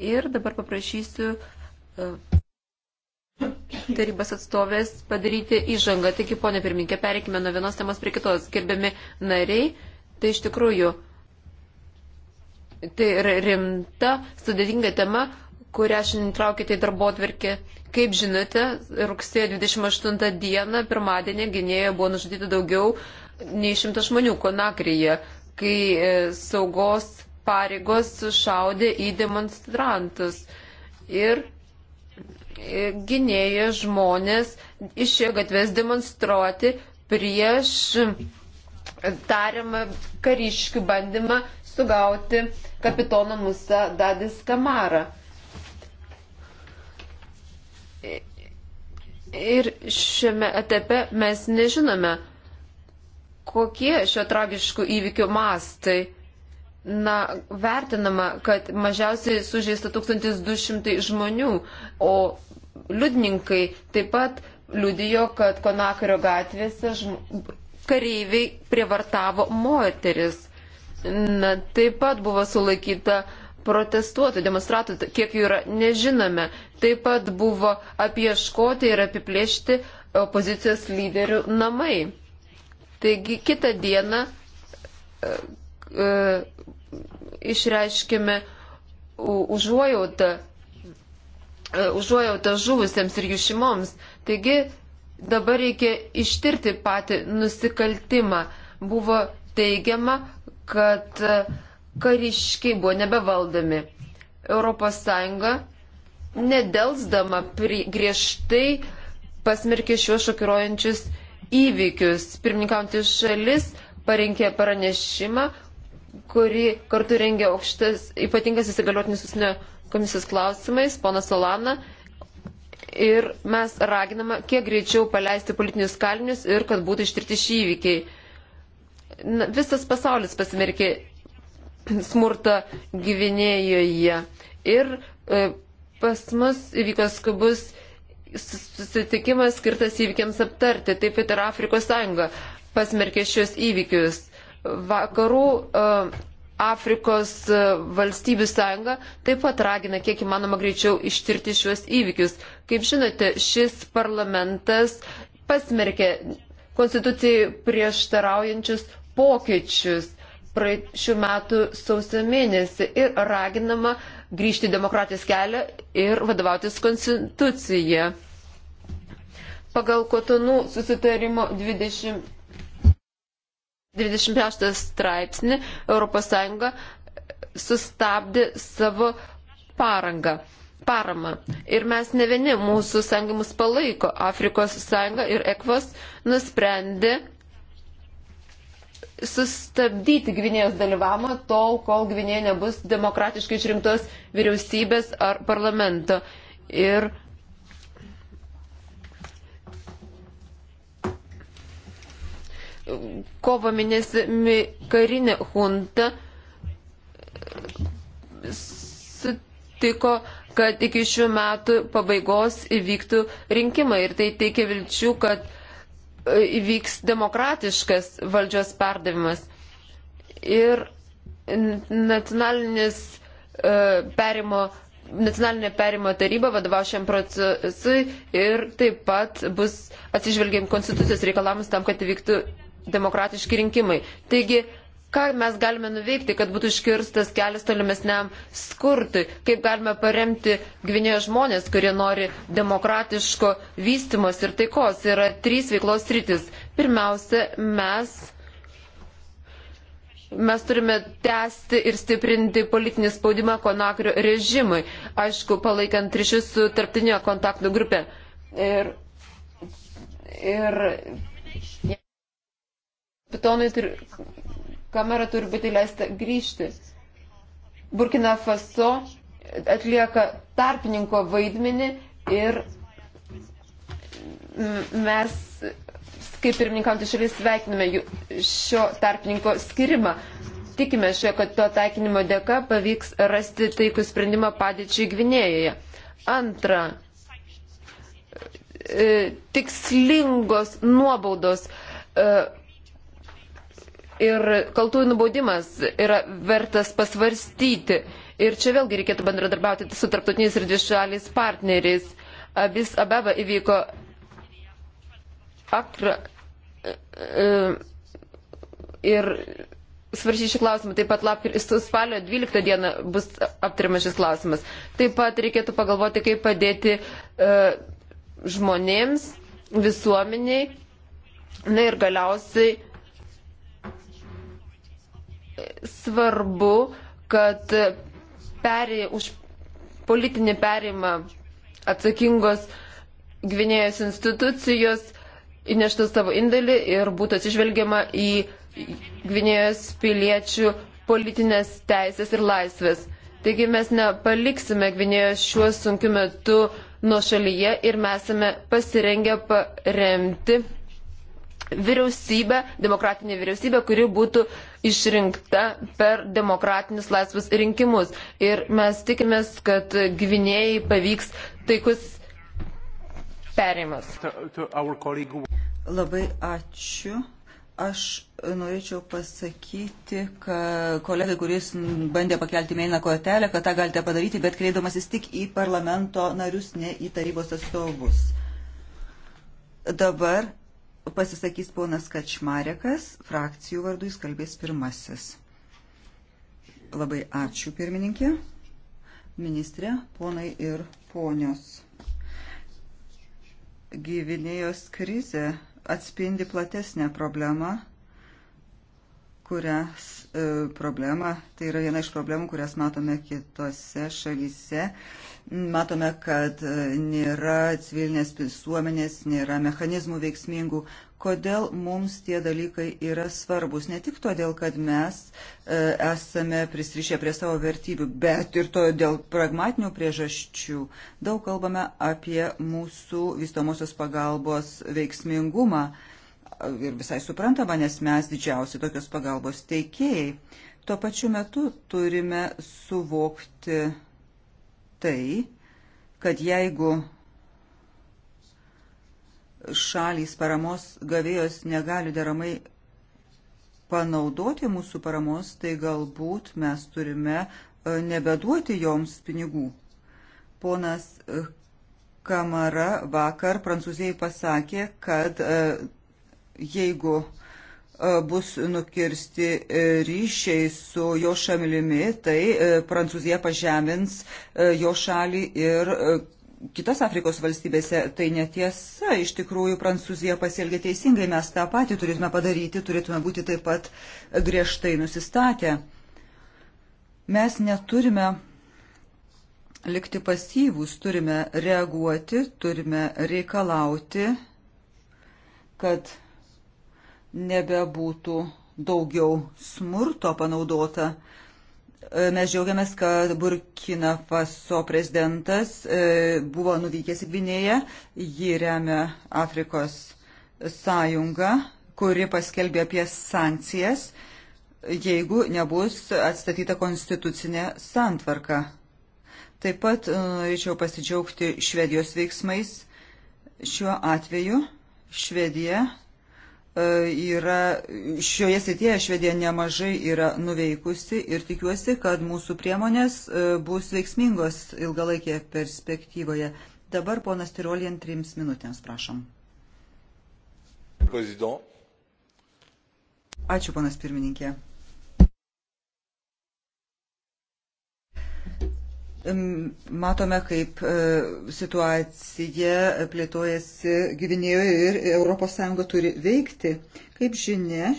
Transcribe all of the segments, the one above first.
Ir dabar paprašysiu e, tarybos atstovės padaryti įžangą. Taigi, ponė pirminkė, pereikime nuo vienos temos prie kitos. Gerbiami nariai, tai iš tikrųjų tai yra rimta, sudėtinga tema, kurią šiandien traukite į darbo atvirkį. Kaip žinote, rugsėjo 28 dieną, pirmadienį, gynėjoje buvo nužudyti daugiau nei šimtas žmonių Konakryje, kai e, saugos pareigos šaudė į demonstrantus ir e, gynėja žmonės išėjo gatvės demonstruoti prieš tariamą kariškių bandymą sugauti kapitoną Musa Dadis Kamarą. Ir šiame etape mes nežinome, kokie šio tragiškų įvykių mastai. Na, vertinama, kad mažiausiai sužeista 1200 žmonių, o liudininkai taip pat liudijo, kad Konakario gatvėse žm... kareiviai prievartavo moteris. Na, taip pat buvo sulaikyta protestuotų, demonstratų, kiek jų yra, nežinome. Taip pat buvo apieškoti ir apiplėšti opozicijos lyderių namai. Taigi kitą dieną e, E, išreiškime užuojautą, e, užuojautą žuvusiems ir jų šeimoms. Taigi dabar reikia ištirti patį nusikaltimą. Buvo teigiama, kad kariškiai buvo nebevaldomi. ES nedelsdama griežtai pasmerkė šiuos šokiruojančius įvykius. Pirmininkaujantys šalis parinkė pranešimą, kuri kartu rengia aukštas ypatingas įsigaliotinis užsienio komisijos klausimais, ponas Solana. Ir mes raginame kiek greičiau paleisti politinius kalinius ir kad būtų ištirti šį įvykiai. Na, visas pasaulis pasimerkė smurtą gyvenėjoje. Ir e, pas mus įvyko skubus susitikimas skirtas įvykiams aptarti. Taip pat ir Afrikos sąjunga pasmerkė šios įvykius. Vakarų e, Afrikos e, valstybių sąjunga taip pat ragina kiek įmanoma greičiau ištirti šiuos įvykius. Kaip žinote, šis parlamentas pasmerkė konstitucijai prieštaraujančius pokyčius šių metų sausio mėnesį ir raginama grįžti demokratijos kelią ir vadovautis konstitucija. Pagal Kotonų susitarimo 20. 26 straipsnį ES sustabdė savo parangą. Parama. Ir mes ne vieni, mūsų sąjunga mus palaiko. Afrikos sąjunga ir ekvas nusprendė sustabdyti Gvinėjos dalyvavimą tol, kol Gvinėja nebus demokratiškai išrinktos vyriausybės ar parlamento. Ir kovo mėnesį karinė hunta sutiko, kad iki šių metų pabaigos įvyktų rinkimai ir tai teikia vilčių, kad e, įvyks demokratiškas valdžios perdavimas. Ir nacionalinis e, perimo nacionalinė perimo taryba vadovau šiam procesui ir taip pat bus atsižvelgiant konstitucijos reikalavimus tam, kad įvyktų demokratiški rinkimai. Taigi, ką mes galime nuveikti, kad būtų iškirstas kelias tolimesniam skurtui, kaip galime paremti Gvinėjo žmonės, kurie nori demokratiško vystimos ir taikos. Yra trys veiklos rytis. Pirmiausia, mes. Mes turime tęsti ir stiprinti politinį spaudimą Konakrio režimui, aišku, palaikant ryšius su tarptinio kontaktų grupė. Ir, ir pitonui turi, kamera turi būti leista grįžti. Burkina Faso atlieka tarpininko vaidmenį ir mes, kaip pirmininkantys šalis, sveikiname šio tarpininko skirimą. Tikime šio, kad to taikinimo dėka pavyks rasti taikų sprendimą padėčiai Gvinėjoje. Antra, e, tikslingos nuobaudos e, ir kaltųjų nubaudimas yra vertas pasvarstyti. Ir čia vėlgi reikėtų bendradarbiauti su tarptautiniais ir dvišaliais partneriais. Abis Abeba įvyko akra e, e, ir svaršys šį klausimą. Taip pat lapkir, spalio 12 dieną bus aptariamas šis klausimas. Taip pat reikėtų pagalvoti, kaip padėti uh, žmonėms, visuomeniai. Na ir galiausiai svarbu, kad perė, už politinį perimą atsakingos Gvinėjos institucijos įneštų savo indėlį ir būtų atsižvelgiama į Gvinėjos piliečių politinės teisės ir laisvės. Taigi mes nepaliksime Gvinėjos šiuo sunkiu metu nuo šalyje ir mes esame pasirengę paremti vyriausybę, demokratinę vyriausybę, kuri būtų išrinkta per demokratinius laisvus rinkimus. Ir mes tikimės, kad gyvinėjai pavyks taikus perėjimas. Labai ačiū. Aš norėčiau pasakyti, kad kolegai, kuris bandė pakelti mėlyną kortelę, kad tą galite padaryti, bet kreidamasis tik į parlamento narius, ne į tarybos atstovus. Dabar pasisakys ponas Kačmarekas, frakcijų vardu jis kalbės pirmasis. Labai ačiū pirmininkė, ministrė, ponai ir ponios. Gyvinėjos krizė atspindi platesnę problemą kurias e, problemą, tai yra viena iš problemų, kurias matome kitose šalyse. Matome, kad e, nėra civilinės visuomenės, nėra mechanizmų veiksmingų. Kodėl mums tie dalykai yra svarbus? Ne tik todėl, kad mes e, esame prisrišę prie savo vertybių, bet ir to dėl pragmatinių priežasčių. Daug kalbame apie mūsų vystomosios pagalbos veiksmingumą ir visai suprantama, nes mes didžiausi tokios pagalbos teikėjai. Tuo pačiu metu turime suvokti tai, kad jeigu šalys paramos gavėjos negali deramai panaudoti mūsų paramos, tai galbūt mes turime e, nebeduoti joms pinigų. Ponas Kamara vakar Prancūzijai pasakė, kad e, jeigu e, bus nukirsti e, ryšiai su jo šalimi, tai e, Prancūzija pažemins jo šalį ir kitas Afrikos valstybėse tai netiesa. Iš tikrųjų, Prancūzija pasielgė teisingai, mes tą patį turėtume padaryti, turėtume būti taip pat griežtai nusistatę. Mes neturime likti pasyvūs, turime reaguoti, turime reikalauti, kad nebebūtų daugiau smurto panaudota. E, mes džiaugiamės, kad Burkina Faso prezidentas e, buvo nuvykęs į Gvinėją, jį remia Afrikos sąjunga, kuri paskelbė apie sankcijas, jeigu nebus atstatyta konstitucinė santvarka. Taip pat e, norėčiau pasidžiaugti Švedijos veiksmais. Šiuo atveju Švedija E, yra šioje srityje Švedija nemažai yra nuveikusi ir tikiuosi, kad mūsų priemonės e, bus veiksmingos ilgalaikėje perspektyvoje. Dabar ponas Tirolien trims minutėms, prašom. President. Ačiū, ponas pirmininkė. Matome, kaip e, situacija plėtojasi Gyvinėjoje ir ES turi veikti. Kaip žinia,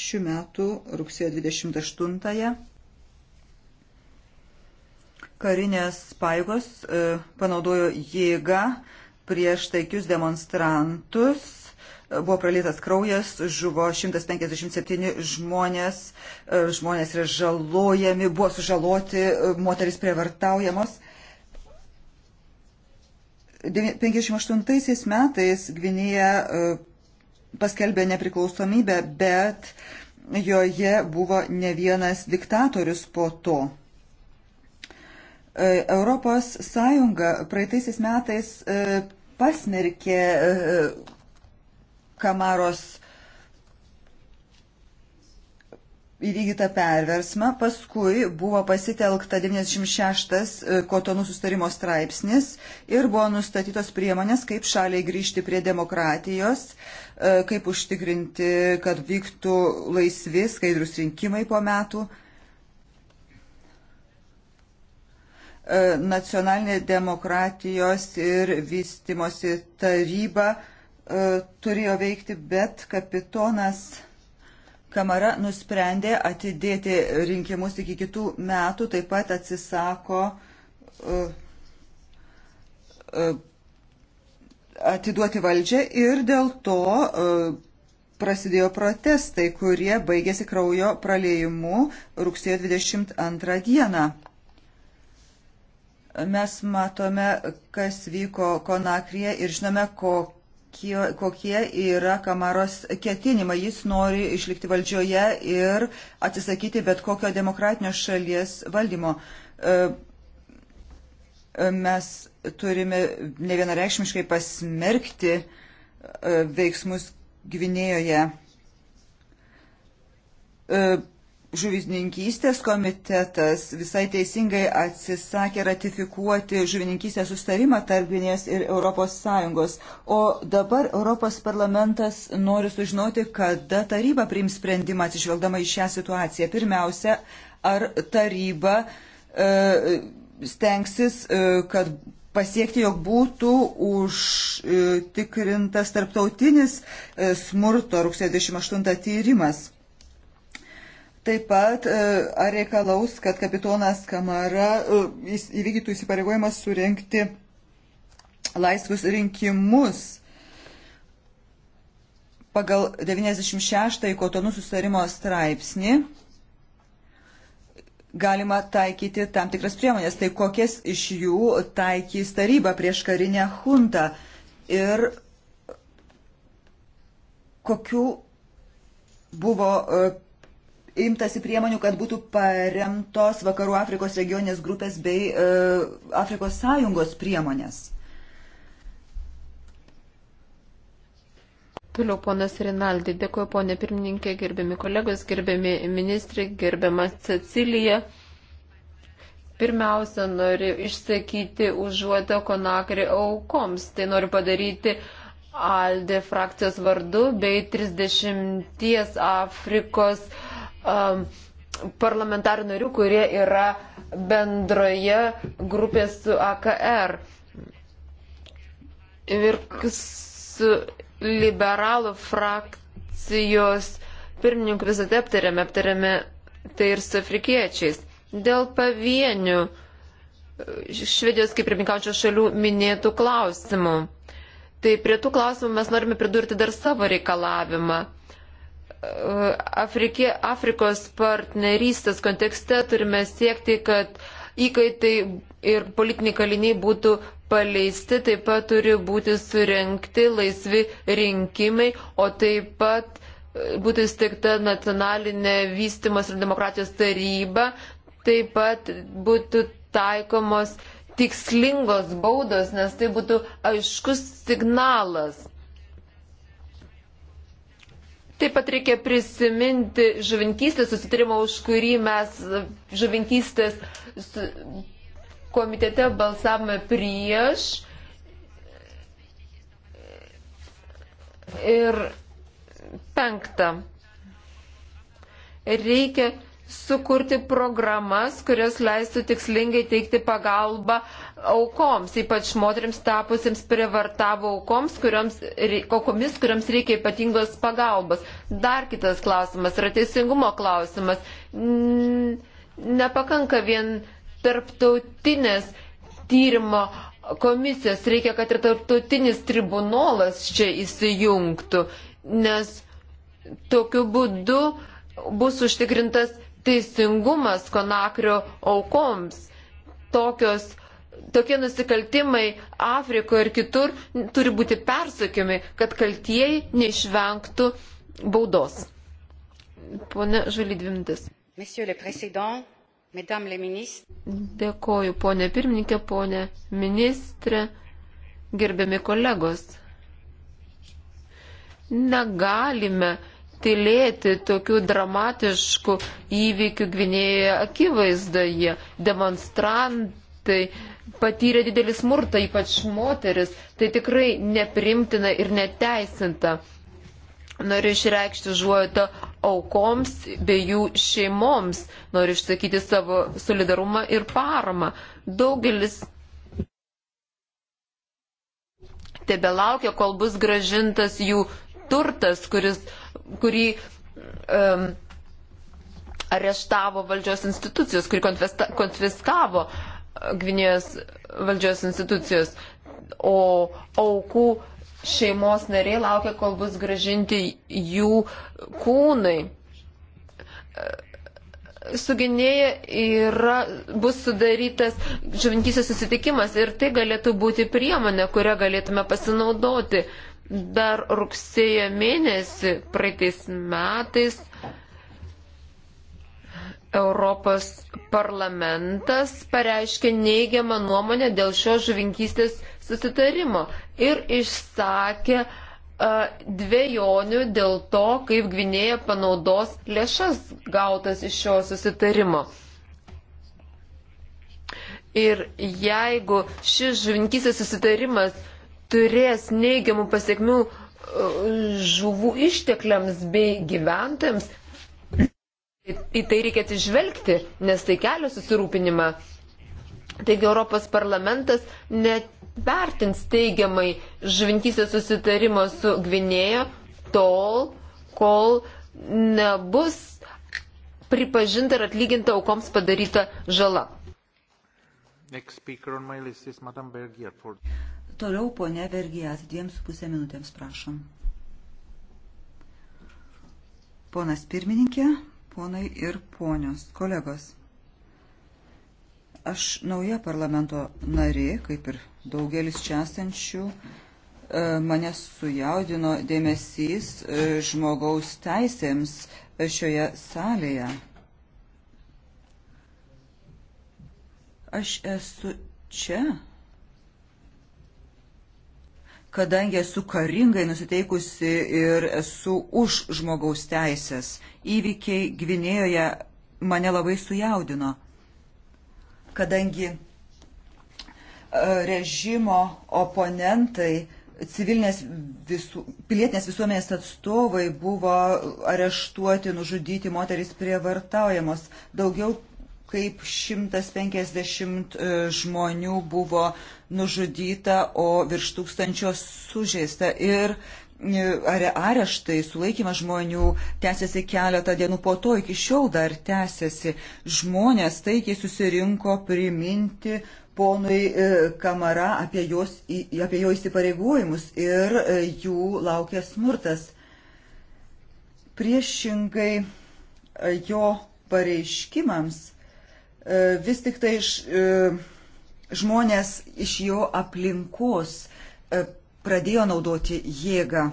šių metų rugsėjo 28-ąją karinės paėgos e, panaudojo jėgą prieš taikius demonstrantus buvo pralėtas kraujas, žuvo 157 žmonės, e, žmonės yra žalojami, buvo sužaloti, e, moteris prievartaujamos. 58 metais Gvinėja e, paskelbė nepriklausomybę, bet joje buvo ne vienas diktatorius po to. Europos Sąjunga praeitaisiais metais pasmerkė Kamaros įvykdytą perversmą, paskui buvo pasitelkta 96 e, kotonų sustarimo straipsnis ir buvo nustatytos priemonės, kaip šaliai grįžti prie demokratijos, e, kaip užtikrinti, kad vyktų laisvi, skaidrus rinkimai po metų. E, nacionalinė demokratijos ir vystimosi taryba E, turėjo veikti, bet kapitonas Kamara nusprendė atidėti rinkimus iki kitų metų, taip pat atsisako e, e, atiduoti valdžią ir dėl to prasidėjo protestai, kurie baigėsi kraujo praleimu rugsėjo 22 dieną. Mes matome, kas vyko Konakrije ir žinome, kokie kokie yra Kamaros ketinimai. Jis nori išlikti valdžioje ir atsisakyti bet kokio demokratinio šalies valdymo. E, e, mes turime nevienareikšmiškai pasmerkti e, veiksmus Gvinėjoje žuvininkystės komitetas visai teisingai atsisakė ratifikuoti žuvininkystės sustarimą tarp Gvinės ir ES. O dabar Europos parlamentas nori sužinoti, kada taryba priims sprendimą atsižvelgdama į šią situaciją. Pirmiausia, ar taryba e, stengsis, e, kad pasiekti, jog būtų užtikrintas tarptautinis e, smurto rugsėjo 28 tyrimas Taip pat e, ar reikalaus, kad kapitonas Kamara e, įvykdytų įsipareigojimą surenkti laisvus rinkimus pagal 96 kotonų susitarimo straipsnį galima taikyti tam tikras priemonės. Tai kokias iš jų taikys taryba prieš karinę huntą ir kokių buvo e, imtasi priemonių, kad būtų paremtos Vakarų Afrikos regionės grupės bei e, Afrikos sąjungos priemonės. Toliau ponas Rinaldi, dėkuoju ponė pirmininkė, gerbiami kolegos, gerbiami ministrai, gerbiama Cecilija. Pirmiausia, noriu išsakyti užuotą konakri aukoms. Tai noriu padaryti ALDE frakcijos vardu bei 30 Afrikos uh, um, parlamentarų narių, kurie yra bendroje grupėje su AKR. Ir su liberalų frakcijos pirmininku visada tai aptarėme, aptarėme tai ir su afrikiečiais. Dėl pavienių Švedijos kaip pirmininkaujančios šalių minėtų klausimų. Tai prie tų klausimų mes norime pridurti dar savo reikalavimą. Afrikė, Afrikos partnerystės kontekste turime siekti, kad įkaitai ir politiniai kaliniai būtų paleisti, taip pat turi būti surenkti laisvi rinkimai, o taip pat e, būtų įsteigta nacionalinė vystimas ir demokratijos taryba, taip pat būtų taikomos tikslingos baudos, nes tai būtų aiškus signalas Taip pat reikia prisiminti žuvinkystės susitarimą, už kurį mes e, žuvinkystės komitete balsavome prieš. Ir penkta. Reikia sukurti programas, kurios leistų tikslingai teikti pagalbą aukoms, ypač moteriams tapusiems prievartavo aukoms, kurioms, kokomis, kuriams reikia ypatingos pagalbos. Dar kitas klausimas yra teisingumo klausimas. Nepakanka vien tarptautinės tyrimo komisijos, reikia, kad ir tarptautinis tribunolas čia įsijungtų, nes tokiu būdu bus užtikrintas teisingumas Konakrio aukoms. Tokios, tokie nusikaltimai Afrikoje ir kitur turi būti persakiami, kad kaltieji neišvengtų baudos. Pone Žalidvimtis. Dėkoju, ponė pirmininkė, ponė ministrė, gerbiami kolegos. Negalime tylėti tokių dramatiškų įvykių Gvinėjoje akivaizdoje. Demonstrantai patyrė didelį smurtą, ypač moteris. Tai tikrai neprimtina ir neteisinta. Noriu išreikšti žuojotą aukoms bei jų šeimoms. Noriu išsakyti savo solidarumą ir paramą. Daugelis tebe laukia, kol bus gražintas jų turtas, kuris uh, kurį um, areštavo valdžios institucijos, kurį konfiskavo e, Gvinėjos valdžios institucijos, o aukų šeimos nariai laukia, kol bus gražinti jų kūnai. E, Suginėje yra, bus sudarytas žuvintysis susitikimas ir tai galėtų būti priemonė, kurią galėtume pasinaudoti. Uh, dar rugsėjo mėnesį praeitais metais Europos parlamentas pareiškė neigiamą nuomonę dėl šio žuvinkystės susitarimo ir išsakė dviejonių dėl to, kaip Gvinėja panaudos lėšas gautas iš šio susitarimo. Ir jeigu šis žuvinkysės susitarimas turės neigiamų pasiekmių e, žuvų ištekliams bei gyventojams. Į tai reikia atsižvelgti, nes tai kelia susirūpinimą. Taigi Europos parlamentas nevertins teigiamai žuvintysės susitarimo su Gvinėjo tol, kol nebus pripažinta ir atlyginta aukoms padaryta žala. Next speaker on my list is Madame Bergier for... Toliau ponia Vergijat, dviem su pusė minutėms prašom. Ponas pirmininkė, ponai ir ponios, kolegos. Aš nauja parlamento narė, kaip ir daugelis čia esančių, e, mane sujaudino dėmesys e, žmogaus teisėms e, šioje salėje. Aš esu čia kadangi esu karingai nusiteikusi ir esu už žmogaus teisės. Įvykiai Gvinėjoje mane labai sujaudino, kadangi e, režimo oponentai, civilinės visu, pilietinės visuomenės atstovai buvo areštuoti, nužudyti, moteris prievartaujamos. Daugiau kaip 150 e, žmonių buvo nužudyta, o virš tūkstančio sužeista. Ir e, areštai, sulaikymas žmonių tęsiasi keletą dienų po to, iki šiol dar tęsiasi. Žmonės taikiai susirinko priminti ponui e, Kamara apie, jos, apie jo įsipareigojimus ir jų laukia smurtas. Priešingai jo pareiškimams E, vis tik tai iš, e, žmonės iš jo aplinkos e, pradėjo naudoti jėgą.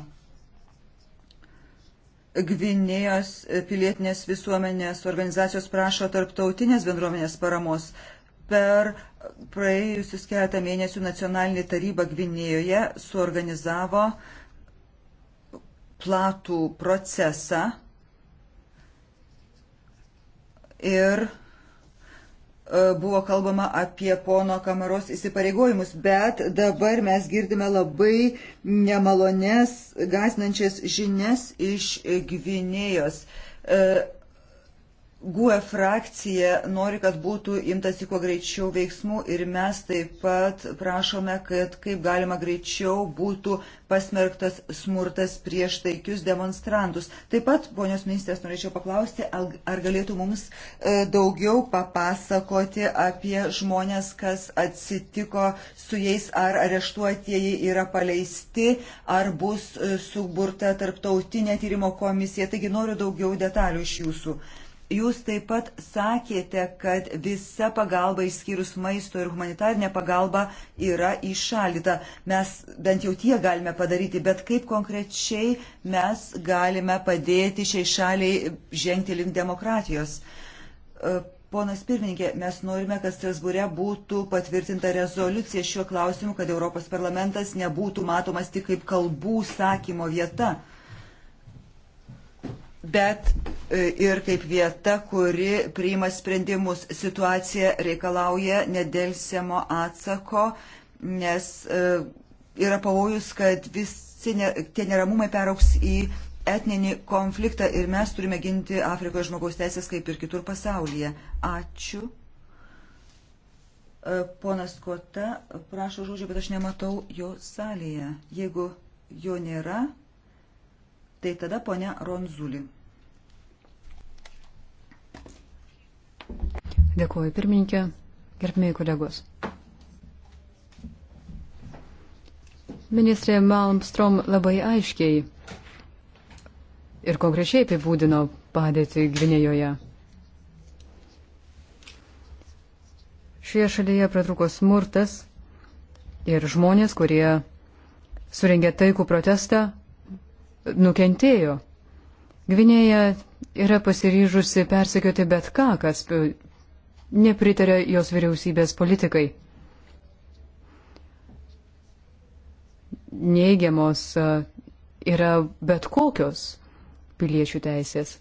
Gvinėjos pilietinės visuomenės organizacijos prašo tarptautinės bendruomenės paramos. Per praėjusius keletą mėnesių nacionalinė taryba Gvinėjoje suorganizavo platų procesą ir E, buvo kalbama apie pono Kamaros įsipareigojimus, bet dabar mes girdime labai nemalones, gazinančias žinias iš Gvinėjos. E, GUE frakcija nori, kad būtų imtasi kuo greičiau veiksmų ir mes taip pat prašome, kad kaip galima greičiau būtų pasmerktas smurtas prieš taikius demonstrantus. Taip pat, ponios ministrės, norėčiau paklausti, ar galėtų mums e, daugiau papasakoti apie žmonės, kas atsitiko su jais, ar areštuotieji yra paleisti, ar bus e, suburta tarptautinė tyrimo komisija. Taigi noriu daugiau detalių iš jūsų. Jūs taip pat sakėte, kad visa pagalba išskyrus maisto ir humanitarinė pagalba yra įšaldyta. Mes bent jau tie galime padaryti, bet kaip konkrečiai mes galime padėti šiai šaliai žengti link demokratijos. E, ponas pirmininkė, mes norime, kad Strasbūre būtų patvirtinta rezoliucija šiuo klausimu, kad Europos parlamentas nebūtų matomas tik kaip kalbų sakymo vieta bet e, ir kaip vieta, kuri priima sprendimus. Situacija reikalauja nedelsiamo atsako, nes e, yra pavojus, kad visi ne, tie neramumai perauks į etninį konfliktą ir mes turime ginti Afrikoje žmogaus teisės kaip ir kitur pasaulyje. Ačiū. E, ponas Kota prašo žodžio, bet aš nematau jo salėje. Jeigu jo nėra, Tai tada ponia Ronzulį. Dėkuoju pirmininkė, gerbėjai kolegos. Ministrė Malmstrom labai aiškiai ir konkrečiai apibūdino padėtį Gvinėjoje. Šioje šalyje pratruko smurtas ir žmonės, kurie suringė taikų protestą, nukentėjo. Gvinėja yra pasiryžusi persekioti bet ką, kas nepritarė jos vyriausybės politikai. Neigiamos yra bet kokios piliečių teisės.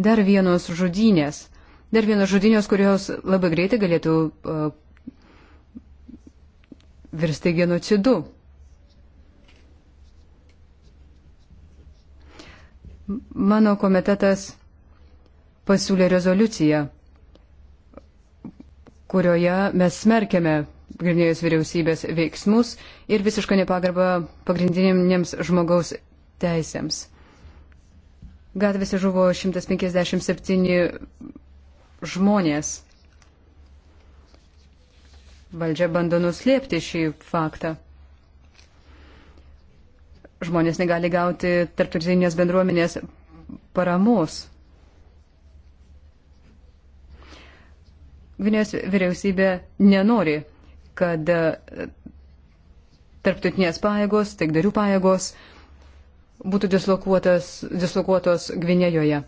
Dar vienos žudynės. Dar vienos žudynės, kurios labai greitai galėtų uh, virsti genocidu. Mano komitetas pasiūlė rezoliuciją, kurioje mes smerkėme Gvinėjos vyriausybės veiksmus ir visišką nepagarbą pagrindinėms žmogaus teisėms. Gatvėse žuvo 157 žmonės. Valdžia bando nuslėpti šį faktą žmonės negali gauti tarptautinės bendruomenės paramos. Gvinės vyriausybė nenori, kad e, tarptautinės pajėgos, taikdarių pajėgos būtų dislokuotos Gvinėjoje.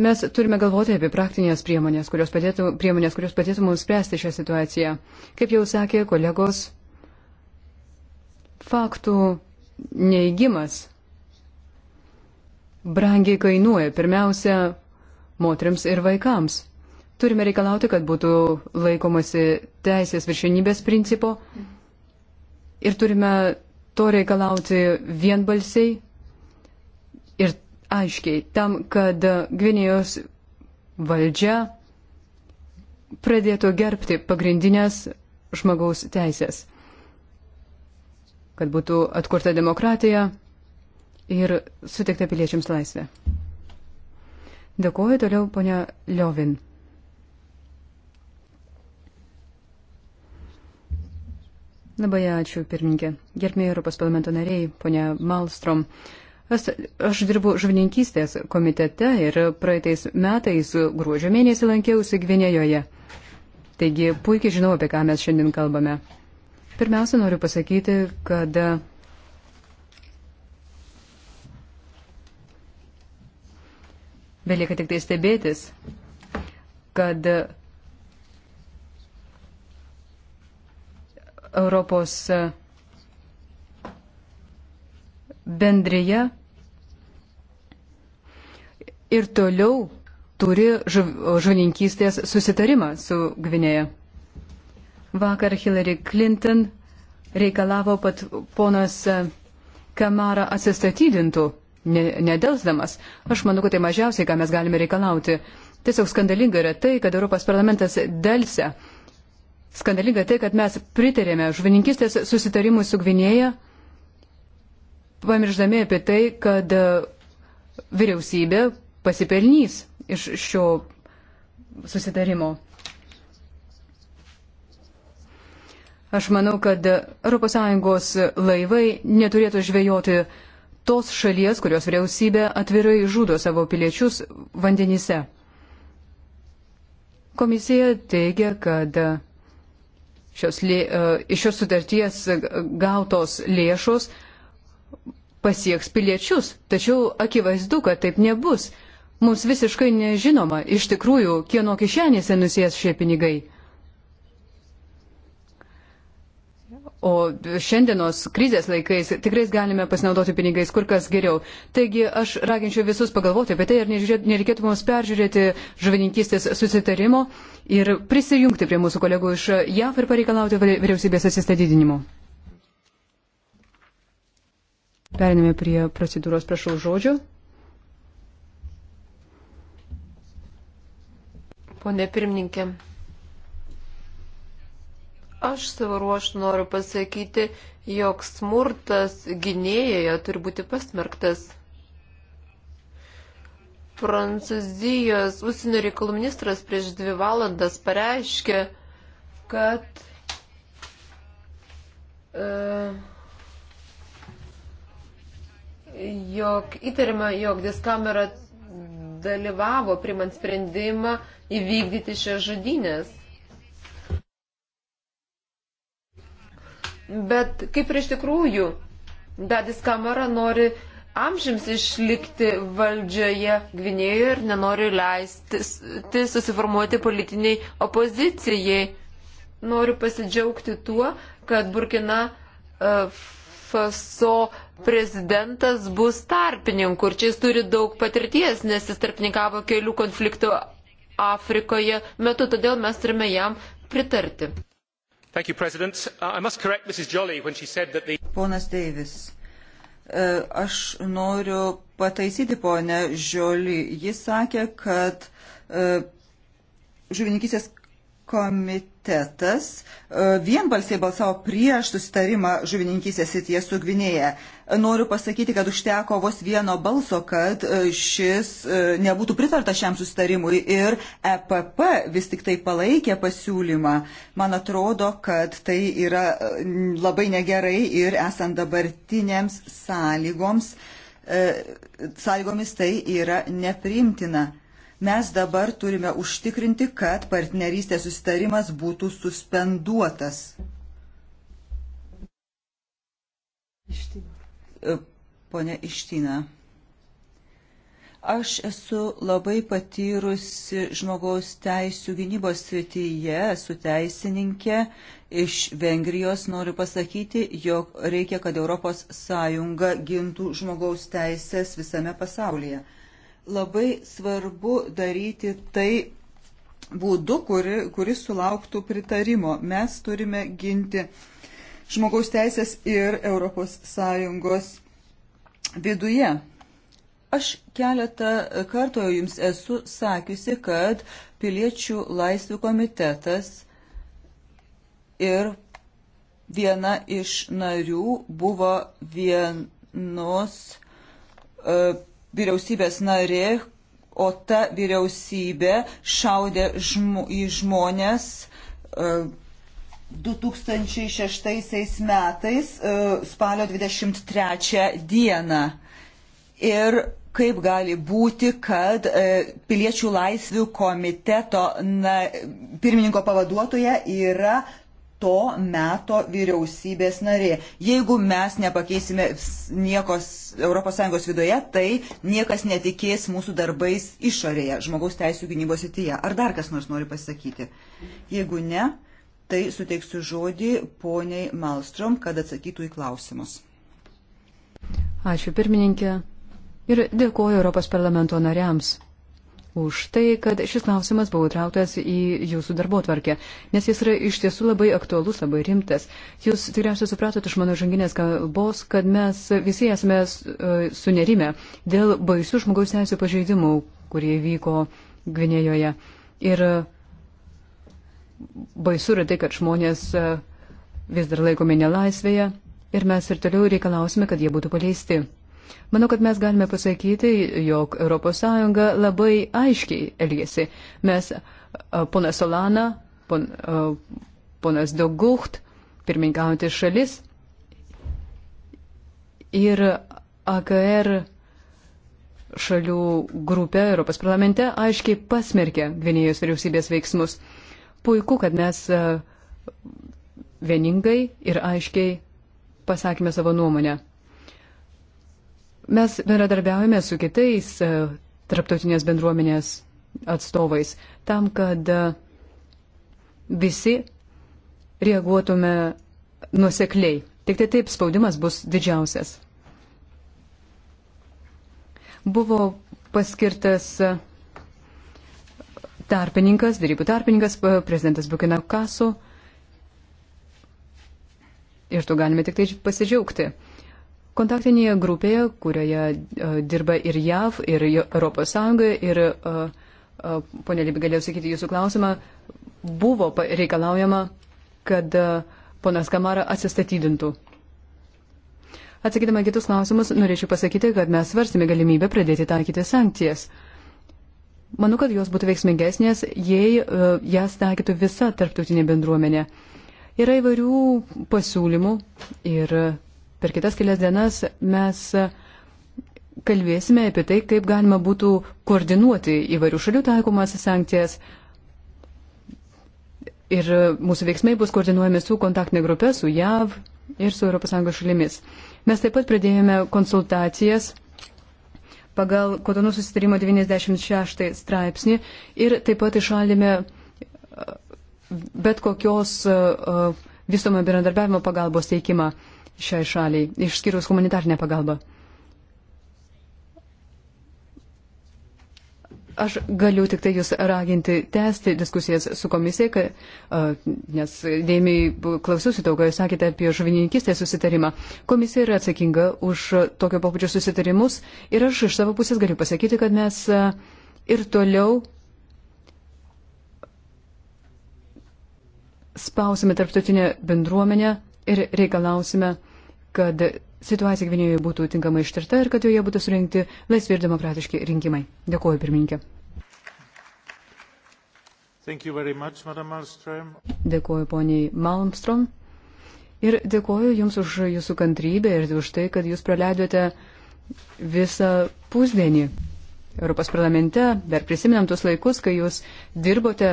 Mes turime galvoti apie praktinės priemonės, kurios padėtų, priemonės, kurios padėtų mums spręsti šią situaciją. Kaip jau sakė kolegos, faktų neįgymas brangiai kainuoja, pirmiausia, moteriams ir vaikams. Turime reikalauti, kad būtų laikomasi teisės viršinybės principo ir turime to reikalauti vienbalsiai ir aiškiai tam, kad Gvinėjos valdžia pradėtų gerbti pagrindinės žmogaus teisės kad būtų atkurta demokratija ir suteikta piliečiams laisvė. Dėkuoju toliau ponia Liovin. Labai ačiū, pirmininkė. Gerbėjai Europos parlamento nariai, ponia Malstrom. Aš, aš dirbu žuvininkystės komitete ir praeitais metais gruodžio mėnesį lankiausi Gvinėjoje. Taigi puikiai žinau, apie ką mes šiandien kalbame. Pirmiausia, noriu pasakyti, kad e, belieka tik tai stebėtis, kad e, Europos e, bendryje ir toliau turi žuvininkystės susitarimą su Gvinėje. Vakar Hillary Clinton reikalavo, kad ponas e, Kamara atsistatydintų, nedelsdamas. Aš manau, kad tai mažiausiai, ką mes galime reikalauti. Tiesiog skandalinga yra tai, kad Europos parlamentas delsia. Skandalinga tai, kad mes pritarėme žuvininkistės susitarimui su Gvinėja, pamirždami apie tai, kad e, vyriausybė pasipelnys iš šio susitarimo. Aš manau, kad ES laivai neturėtų žvejoti tos šalies, kurios vyriausybė atvirai žudo savo piliečius vandenyse. Komisija teigia, kad šios, e, iš šios sutarties gautos lėšos pasieks piliečius, tačiau akivaizdu, kad taip nebus. Mums visiškai nežinoma iš tikrųjų, kieno kišenėse nusės šie pinigai. O šiandienos krizės laikais tikrai galime pasinaudoti pinigais kur kas geriau. Taigi aš raginčiau visus pagalvoti apie tai, ar nereikėtų mums peržiūrėti žuvininkystės susitarimo ir prisijungti prie mūsų kolegų iš JAF ir pareikalauti vyriausybės atsistatydinimo. Periname prie procedūros, prašau žodžio. Pone pirmininkė, Aš savo ruoštų noriu pasakyti, jog smurtas gynėjoje turi būti pasmerktas. Prancūzijos užsienio reikalų ministras prieš dvi valandas pareiškė, kad e, jog įtariama, jog diskamera dalyvavo primant sprendimą įvykdyti šią žudynės. Bet kaip ir iš tikrųjų, Dadis Kamara nori amžiams išlikti valdžioje Gvinėjoje ir nenori leisti susiformuoti politiniai opozicijai. Noriu pasidžiaugti tuo, kad Burkina e, Faso prezidentas bus tarpininku ir čia jis turi daug patirties, nes jis tarpininkavo kelių konfliktų Afrikoje metu, todėl mes turime jam pritarti mr president uh, i must correct mrs joly when she said that the. ponas deivis uh, aš noriu pataisyti ponę žiolį ji sakė kad uh, žuvininkystės komitetas e, vienbalsiai balsavo prieš susitarimą žuvininkysės sityje su Gvinėje. Noriu pasakyti, kad užteko vos vieno balso, kad e, šis e, nebūtų pritarta šiam susitarimui ir EPP vis tik tai palaikė pasiūlymą. Man atrodo, kad tai yra labai negerai ir esant dabartinėms sąlygoms, sąlygomis tai yra neprimtina Mes dabar turime užtikrinti, kad partnerystės susitarimas būtų suspenduotas. Pone Iština. Aš esu labai patyrusi žmogaus teisų gynybos srityje, esu teisininkė iš Vengrijos. Noriu pasakyti, jog reikia, kad ES gintų žmogaus teisės visame pasaulyje. Labai svarbu daryti tai būdu, kuri, kuris sulauktų pritarimo. Mes turime ginti žmogaus teisės ir ES viduje. Aš keletą kartų jums esu sakiusi, kad piliečių laisvių komitetas ir viena iš narių buvo vienos uh, vyriausybės narė, o ta vyriausybė šaudė žmo, į žmonės e, uh, 2006 metais uh, spalio 23 dieną. Ir kaip gali būti, kad uh, piliečių laisvių komiteto na, pirmininko pavaduotoja yra to meto vyriausybės narė. Jeigu mes nepakeisime niekos ES viduje, tai niekas netikės mūsų darbais išorėje, žmogaus teisų gynybos įtyje. Ar dar kas nors nori pasakyti? Jeigu ne, tai suteiksiu žodį poniai Malstrom, kad atsakytų į klausimus. Ačiū pirmininkė ir dėkoju Europos parlamento nariams už tai, kad šis klausimas buvo įtrauktas į jūsų darbo tvarkę, nes jis yra iš tiesų labai aktualus, labai rimtas. Jūs tikriausiai supratote iš mano žanginės kalbos, kad mes visi esame e, sunerime dėl baisių žmogaus teisų pažeidimų, kurie vyko Gvinėjoje. Ir baisu yra tai, kad žmonės e, vis dar laikomi nelaisvėje ir mes ir toliau reikalausime, kad jie būtų paleisti. Manau, kad mes galime pasakyti, jog ES labai aiškiai elgesi. Mes, ponas Solana, pon, ponas Dogucht, pirmininkaujantis šalis ir AKR šalių grupė Europos parlamente aiškiai pasmerkė Gvinėjos vyriausybės veiksmus. Puiku, kad mes vieningai ir aiškiai pasakėme savo nuomonę. Mes bendradarbiaujame su kitais e, tarptautinės bendruomenės atstovais tam, kad e, visi reaguotume nusekliai. Tik tai taip spaudimas bus didžiausias. Buvo paskirtas e, tarpininkas, darybų tarpininkas, prezidentas Bukina Kasu. Ir tu galime tik tai pasidžiaugti. Kontaktinėje grupėje, kurioje e, dirba ir JAV, ir ES, ir, e, e, ponė Libi, galėjau sakyti jūsų klausimą, buvo reikalaujama, kad ponas Kamara atsistatydintų. Atsakydama kitus klausimus, norėčiau pasakyti, kad mes svarstėme galimybę pradėti taikyti sankcijas. Manau, kad jos būtų veiksmingesnės, jei uh, jas taikytų visa tarptautinė bendruomenė. Yra įvairių pasiūlymų ir per kitas kelias dienas mes kalbėsime apie tai, kaip galima būtų koordinuoti įvairių šalių taikomas sankcijas. Ir mūsų veiksmai bus koordinuojami su kontaktinė grupė, su JAV ir su ES šalimis. Mes taip pat pradėjome konsultacijas pagal Kotonų susitarimo 96 straipsnį ir taip pat išalėme uh, bet kokios uh, uh, vystomą bendradarbiavimo pagalbos teikimą. Uh, šiai šaliai, išskyrus humanitarnę pagalbą. Aš galiu tik tai jūs raginti tęsti diskusijas su komisija, kad, uh, nes dėmiai klausiausi to, ką jūs sakėte apie žuvininkistės susitarimą. Komisija yra atsakinga už tokio pobūdžio susitarimus ir aš iš savo pusės galiu pasakyti, kad mes uh, ir toliau spausime tarptautinę bendruomenę ir reikalausime uh, kad situacija Gvinėjoje būtų tinkamai ištirta ir kad joje būtų surinkti laisvi ir demokratiški rinkimai. Dėkuoju, pirmininkė. Much, dėkuoju poniai Malmstrom ir dėkuoju Jums už Jūsų kantrybę ir už tai, kad Jūs praleidote visą pusdienį Europos parlamente. Dar prisiminam tuos laikus, kai Jūs dirbote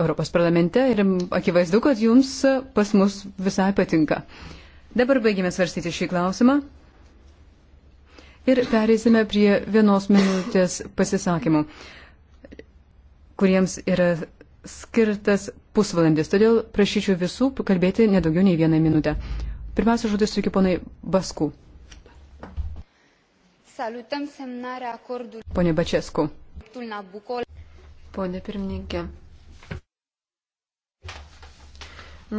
Europos parlamente ir akivaizdu, kad Jums pas mus visai patinka. Dabar baigime svarstyti šį klausimą ir pereisime prie vienos minutės pasisakymų, kuriems yra skirtas pusvalandis. Todėl prašyčiau visų kalbėti nedaugiau nei vieną minutę. Pirmiausia, žodis su iki ponai Basku. Pone Bačesku. Pone pirmininkė.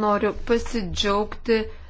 Noriu pasidžiaugti